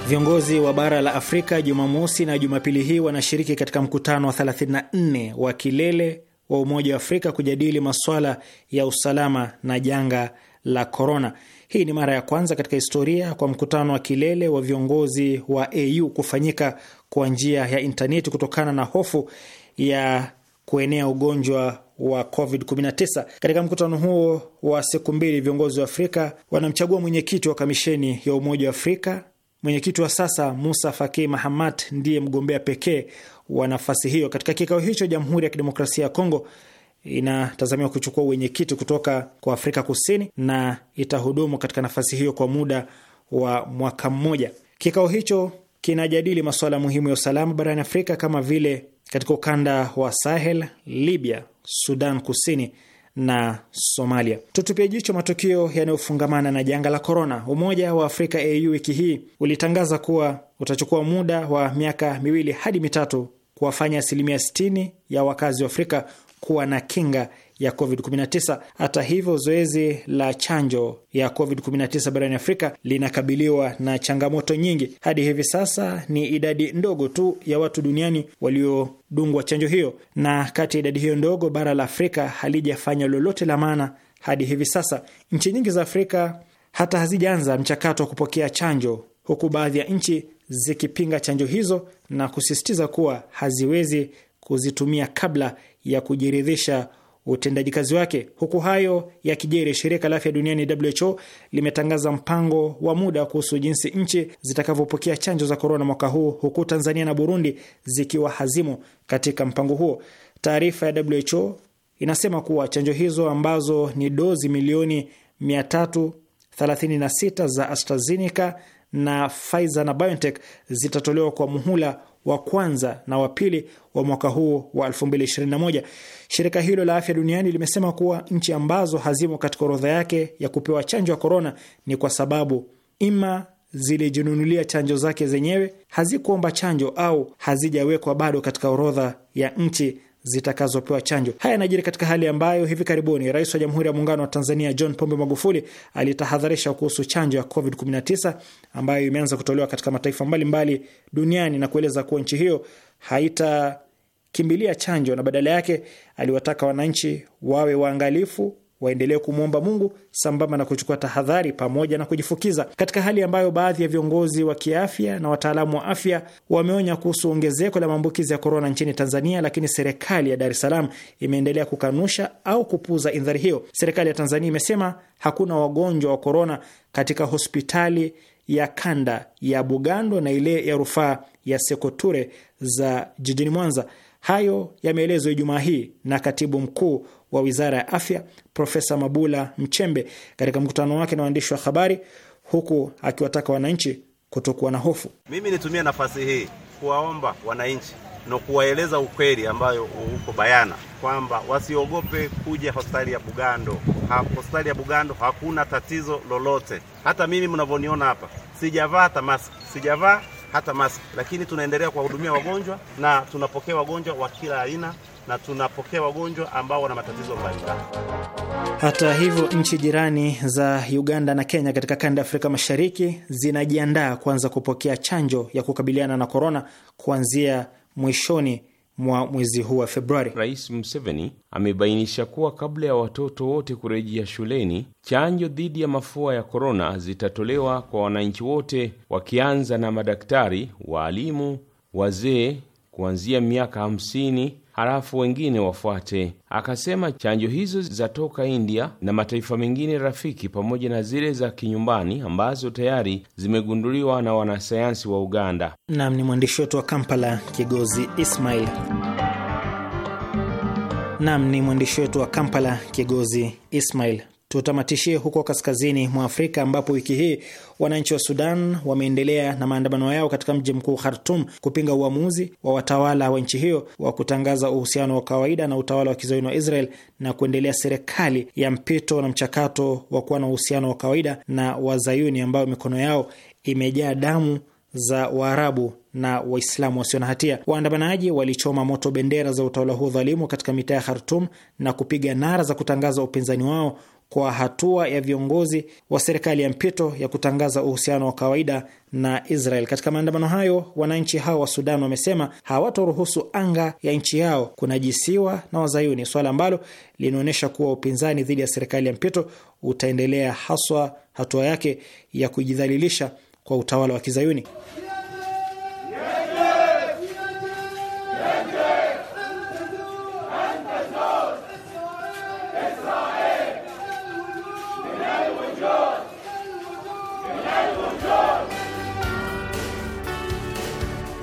Viongozi wa bara la Afrika Jumamosi na Jumapili hii wanashiriki katika mkutano wa 34 wa kilele wa Umoja wa Afrika kujadili masuala ya usalama na janga la korona. Hii ni mara ya kwanza katika historia kwa mkutano wa kilele wa viongozi wa AU kufanyika kwa njia ya intaneti kutokana na hofu ya kuenea ugonjwa wa COVID-19. Katika mkutano huo wa siku mbili, viongozi wa Afrika wanamchagua mwenyekiti wa kamisheni ya Umoja wa Afrika. Mwenyekiti wa sasa Musa Faki Mahamat ndiye mgombea pekee wa nafasi hiyo. Katika kikao hicho, Jamhuri ya Kidemokrasia ya Kongo inatazamiwa kuchukua uwenyekiti kutoka kwa Afrika Kusini na itahudumu katika nafasi hiyo kwa muda wa mwaka mmoja. Kikao hicho kinajadili masuala muhimu ya usalama barani Afrika kama vile katika ukanda wa Sahel, Libya, Sudan Kusini na Somalia. Tutupia jicho matukio yanayofungamana na janga la korona. Umoja wa Afrika AU wiki hii ulitangaza kuwa utachukua muda wa miaka miwili hadi mitatu kuwafanya asilimia 60 ya wakazi wa Afrika kuwa na kinga ya COVID-19. Hata hivyo, zoezi la chanjo ya COVID-19 barani Afrika linakabiliwa na changamoto nyingi. Hadi hivi sasa ni idadi ndogo tu ya watu duniani waliodungwa chanjo hiyo, na kati ya idadi hiyo ndogo, bara la Afrika halijafanya lolote la maana hadi hivi sasa. Nchi nyingi za Afrika hata hazijaanza mchakato wa kupokea chanjo, huku baadhi ya nchi zikipinga chanjo hizo na kusisitiza kuwa haziwezi kuzitumia kabla ya kujiridhisha utendaji kazi wake. Huku hayo ya kijeri, shirika la afya duniani WHO limetangaza mpango wa muda kuhusu jinsi nchi zitakavyopokea chanjo za korona mwaka huu, huku Tanzania na Burundi zikiwa hazimo katika mpango huo. Taarifa ya WHO inasema kuwa chanjo hizo ambazo ni dozi milioni 336 za AstraZeneca na Pfizer na BioNTech zitatolewa kwa muhula wa kwanza na wa pili wa mwaka huu wa 2021. Shirika hilo la afya duniani limesema kuwa nchi ambazo hazimo katika orodha yake ya kupewa chanjo ya korona ni kwa sababu ima zilijinunulia chanjo zake zenyewe, hazikuomba chanjo au hazijawekwa bado katika orodha ya nchi zitakazopewa chanjo. Haya yanajiri katika hali ambayo hivi karibuni Rais wa Jamhuri ya Muungano wa Tanzania John Pombe Magufuli alitahadharisha kuhusu chanjo ya COVID-19 ambayo imeanza kutolewa katika mataifa mbalimbali mbali duniani na kueleza kuwa nchi hiyo haitakimbilia chanjo na badala yake aliwataka wananchi wawe waangalifu waendelee kumwomba Mungu sambamba na kuchukua tahadhari pamoja na kujifukiza, katika hali ambayo baadhi ya viongozi wa kiafya na wataalamu wa afya wameonya kuhusu ongezeko la maambukizi ya korona nchini Tanzania, lakini serikali ya Dar es Salaam imeendelea kukanusha au kupuuza indhari hiyo. Serikali ya Tanzania imesema hakuna wagonjwa wa korona katika hospitali ya kanda ya Bugando na ile ya rufaa ya Sekoture za jijini Mwanza. Hayo yameelezwa Ijumaa hii na katibu mkuu wa wizara ya afya Profesa Mabula Mchembe katika mkutano wake na waandishi wa habari, huku akiwataka wananchi kutokuwa na hofu. Mimi nitumia nafasi hii kuwaomba wananchi na kuwaeleza ukweli ambayo uko bayana kwamba wasiogope kuja hospitali ya Bugando. Ha, hospitali ya Bugando hakuna tatizo lolote. Hata mimi mnavyoniona hapa sijavaa tamaski, sijavaa hata mas lakini tunaendelea kuwahudumia wagonjwa na tunapokea wagonjwa wa kila aina na tunapokea wagonjwa ambao wana matatizo mbalimbali. Hata hivyo, nchi jirani za Uganda na Kenya katika kanda ya Afrika Mashariki zinajiandaa kuanza kupokea chanjo ya kukabiliana na korona kuanzia mwishoni mwa mwezi huu wa Februari. Rais Museveni amebainisha kuwa kabla ya watoto wote kurejea shuleni, chanjo dhidi ya mafua ya korona zitatolewa kwa wananchi wote, wakianza na madaktari, waalimu, wazee kuanzia miaka hamsini halafu wengine wafuate. Akasema chanjo hizo zatoka India na mataifa mengine rafiki pamoja na zile za kinyumbani ambazo tayari zimegunduliwa na wanasayansi wa Uganda. Nam ni mwandishi wetu wa Kampala, Kigozi Ismail. Nam ni mwandishi wetu wa Kampala, Kigozi Ismail. Tutamatishie huko kaskazini mwa Afrika ambapo wiki hii wananchi wa Sudan wameendelea na maandamano yao katika mji mkuu Khartum kupinga uamuzi wa watawala wa nchi hiyo wa kutangaza uhusiano wa kawaida na utawala wa kizayuni wa Israel na kuendelea serikali ya mpito na mchakato wa kuwa na uhusiano wa kawaida na wazayuni ambayo mikono yao imejaa damu za Waarabu na Waislamu wasio na hatia. Waandamanaji walichoma moto bendera za utawala huo dhalimu katika mitaa ya Khartum na kupiga nara za kutangaza upinzani wao kwa hatua ya viongozi wa serikali ya mpito ya kutangaza uhusiano wa kawaida na Israel. Katika maandamano hayo, wananchi hao wa Sudan wamesema hawatoruhusu anga ya nchi yao kunajisiwa na Wazayuni, swala ambalo linaonyesha kuwa upinzani dhidi ya serikali ya mpito utaendelea, haswa hatua yake ya kujidhalilisha kwa utawala wa Kizayuni.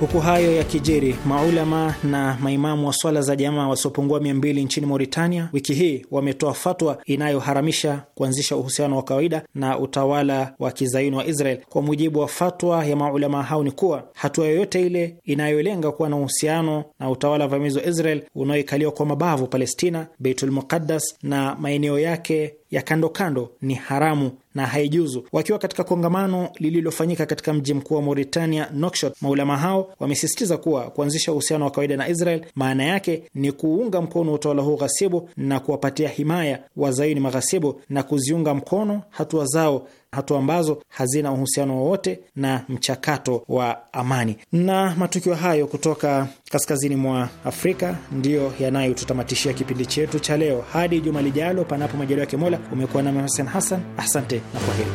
Huku hayo ya kijiri, maulama na maimamu wa swala za jamaa wasiopungua mbili nchini Mauritania wiki hii wametoa fatwa inayoharamisha kuanzisha uhusiano wa kawaida na utawala wa kizaini wa Israel. Kwa mujibu wa fatwa ya maulama hao, ni kuwa hatua yoyote ile inayolenga kuwa na uhusiano na utawala wa vamizi wa Israel unaoikaliwa kwa mabavu Palestina, Beitul Muqaddas na maeneo yake ya kando kando ni haramu na haijuzu. Wakiwa katika kongamano lililofanyika katika mji mkuu wa Mauritania, Nouakchott, maulama hao wamesisitiza kuwa kuanzisha uhusiano wa kawaida na Israel maana yake ni kuunga mkono utawala huo ghasibu na kuwapatia himaya wazayuni maghasibu na kuziunga mkono hatua zao hatua ambazo hazina uhusiano wowote na mchakato wa amani. Na matukio hayo kutoka kaskazini mwa Afrika ndiyo yanayotutamatishia kipindi chetu cha leo. Hadi juma lijalo, panapo majaliwa ya Mola. Umekuwa nami Hussein Hassan, asante na kwa heri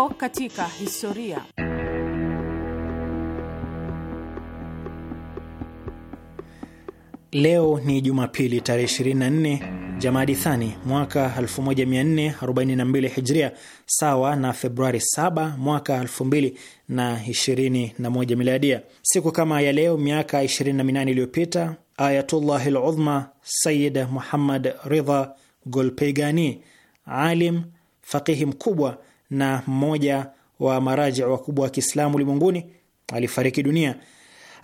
Leo katika historia. Leo ni Jumapili tarehe 24 Jamadi Thani mwaka 1442 Hijria, sawa na Februari 7 mwaka 2021 Miladia. Siku kama ya leo miaka 28 iliyopita Ayatullah ludhma Sayid Muhammad Ridha Golpaygani, alim faqihi mkubwa na mmoja wa maraji wakubwa wa Kiislamu ulimwenguni alifariki dunia.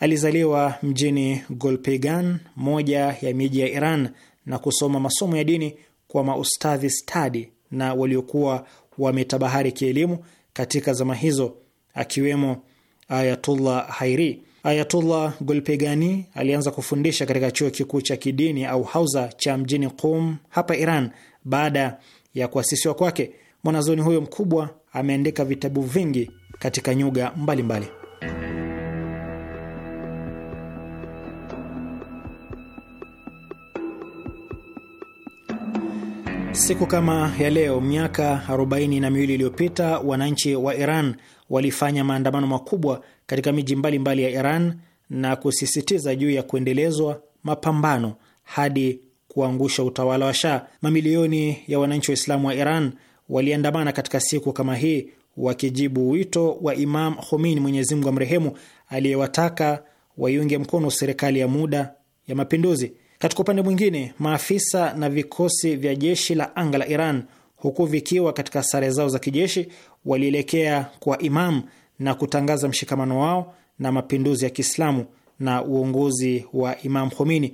Alizaliwa mjini Golpegan, moja ya miji ya Iran, na kusoma masomo ya dini kwa maustadhi stadi na waliokuwa wametabahari kielimu katika zama hizo, akiwemo Ayatullah Hairi. Ayatullah Golpegani alianza kufundisha katika chuo kikuu cha kidini au hauza cha mjini Qum hapa Iran baada ya kuasisiwa kwake. Mwanazoni huyo mkubwa ameandika vitabu vingi katika nyuga mbalimbali. Siku kama ya leo miaka arobaini na miwili iliyopita wananchi wa Iran walifanya maandamano makubwa katika miji mbalimbali ya Iran na kusisitiza juu ya kuendelezwa mapambano hadi kuangusha utawala wa Shah. Mamilioni ya wananchi Waislamu wa Iran waliandamana katika siku kama hii wakijibu wito wa Imam Khomeini, Mwenyezi Mungu amrehemu, aliyewataka waiunge mkono serikali ya muda ya mapinduzi. Katika upande mwingine, maafisa na vikosi vya jeshi la anga la Iran, huku vikiwa katika sare zao za kijeshi, walielekea kwa Imam na kutangaza mshikamano wao na mapinduzi ya Kiislamu na uongozi wa Imam Khomeini.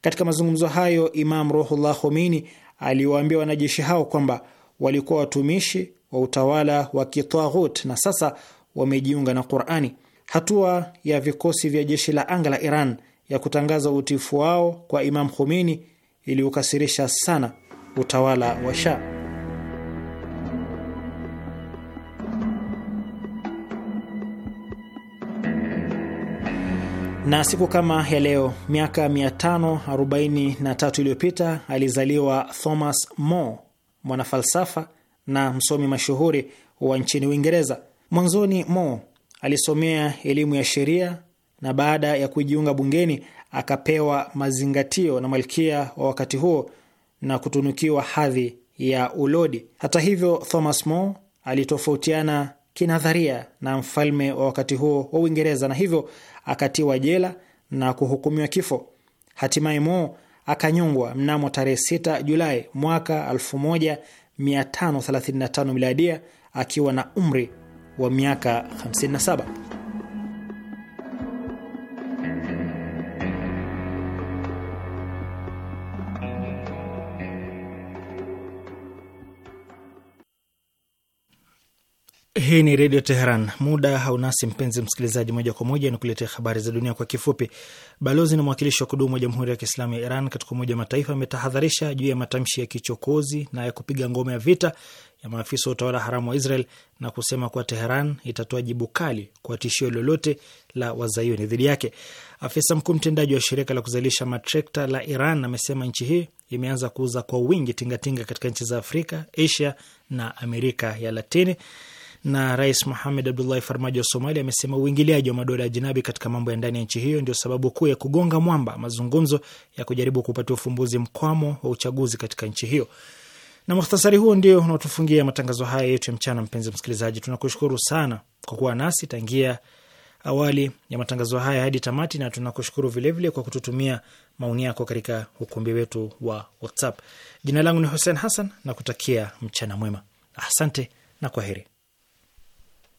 Katika mazungumzo hayo, Imam Ruhullah Khomeini aliwaambia wanajeshi hao kwamba walikuwa watumishi wa utawala wa kitwaghut na sasa wamejiunga na Qurani. Hatua ya vikosi vya jeshi la anga la Iran ya kutangaza utiifu wao kwa Imam Khomeini iliukasirisha sana utawala wa Shah. na siku kama ya leo miaka 543 iliyopita alizaliwa Thomas More, mwanafalsafa na msomi mashuhuri wa nchini Uingereza. Mwanzoni Mo alisomea elimu ya sheria na baada ya kujiunga bungeni akapewa mazingatio na malkia wa wakati huo na kutunukiwa hadhi ya ulodi. Hata hivyo, Thomas More alitofautiana kinadharia na mfalme wa wakati huo wa Uingereza na hivyo akatiwa jela na kuhukumiwa kifo. Hatimaye More akanyongwa mnamo tarehe 6 Julai mwaka 1535 miladia akiwa na umri wa miaka 57. Hii ni Redio Teheran. Muda haunasi mpenzi msikilizaji, moja kwa moja kuletea habari za dunia kwa kifupi. Balozi na mwakilishi wa kudumu wa Jamhuri ya Kiislamu ya Iran katika Umoja wa Mataifa ametahadharisha juu ya matamshi ya kichokozi na ya kupiga ngome ya vita ya maafisa wa utawala haramu wa Israel na kusema kuwa Teheran itatoa jibu kali kwa tishio lolote la wazayuni dhidi yake. Afisa mkuu mtendaji wa shirika la kuzalisha matrekta la Iran amesema nchi hii imeanza kuuza kwa wingi tingatinga katika nchi za Afrika, Asia na Amerika ya Latini na Rais Mohamed Abdullahi Farmaji wa Somalia amesema uingiliaji wa madola ya jinabi katika mambo ya ndani ya nchi hiyo ndio sababu kuu ya kugonga mwamba mazungumzo ya kujaribu kupatia ufumbuzi mkwamo wa uchaguzi katika nchi hiyo. Na mukhtasari huo ndio unaotufungia matangazo haya yetu ya mchana. Mpenzi msikilizaji, tunakushukuru sana kwa kuwa nasi tangia awali ya matangazo haya hadi tamati, na tunakushukuru vilevile kwa kututumia maoni yako katika ukumbi wetu wa WhatsApp. Jina langu ni Hussein Hassan na kutakia mchana mwema. Asante na kwaheri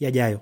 yajayo.